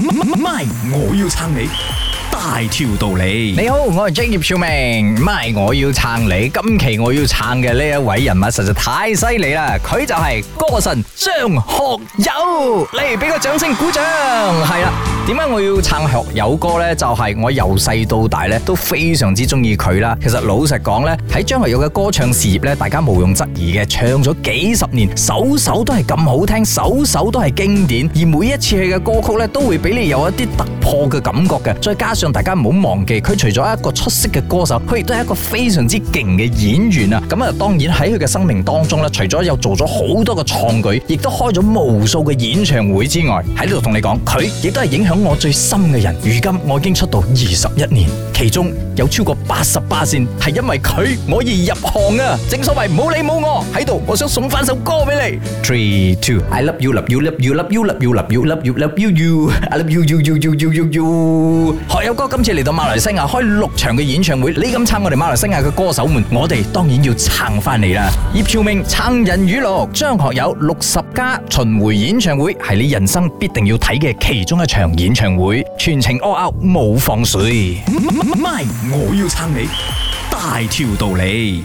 MY，我要撐你大條道理。你好，我係張葉小明。MY，我要撐你。今期我要撐嘅呢一位人物實在太犀利啦，佢就係歌神張學友。嚟俾個掌聲鼓掌，係啦！點解我要撐學友歌呢？就係我由細到大咧，都非常之中意佢啦。其實老實講咧，喺張學友嘅歌唱事業咧，大家毋庸置疑嘅，唱咗幾十年，首首都係咁好聽，首首都係經典。而每一次佢嘅歌曲咧，都會俾你有一啲突破嘅感覺嘅。再加上大家唔好忘記，佢除咗一個出色嘅歌手，佢亦都係一個非常之勁嘅演員啊！咁啊，當然喺佢嘅生命當中咧，除咗有做咗好多嘅創舉，亦都開咗無數嘅演唱會之外，喺度同你講，佢亦都係影響。我最深嘅人，如今我已經出道二十一年，其中有超過八十八線係因為佢我而入行啊！正所謂冇你冇我喺度，我想送翻首歌俾你。Three two，I love you love you love you love you love you love you love you you you I love you you you you you you you 學友哥今次嚟到馬來西亞開六場嘅演唱會，你咁撐我哋馬來西亞嘅歌手們，我哋當然要撐翻你啦！葉超明撐人娛樂張學友六十加巡回演唱會係你人生必定要睇嘅其中一場演。演唱會全程 all out，冇放水。咪，我要撐你，大條道理。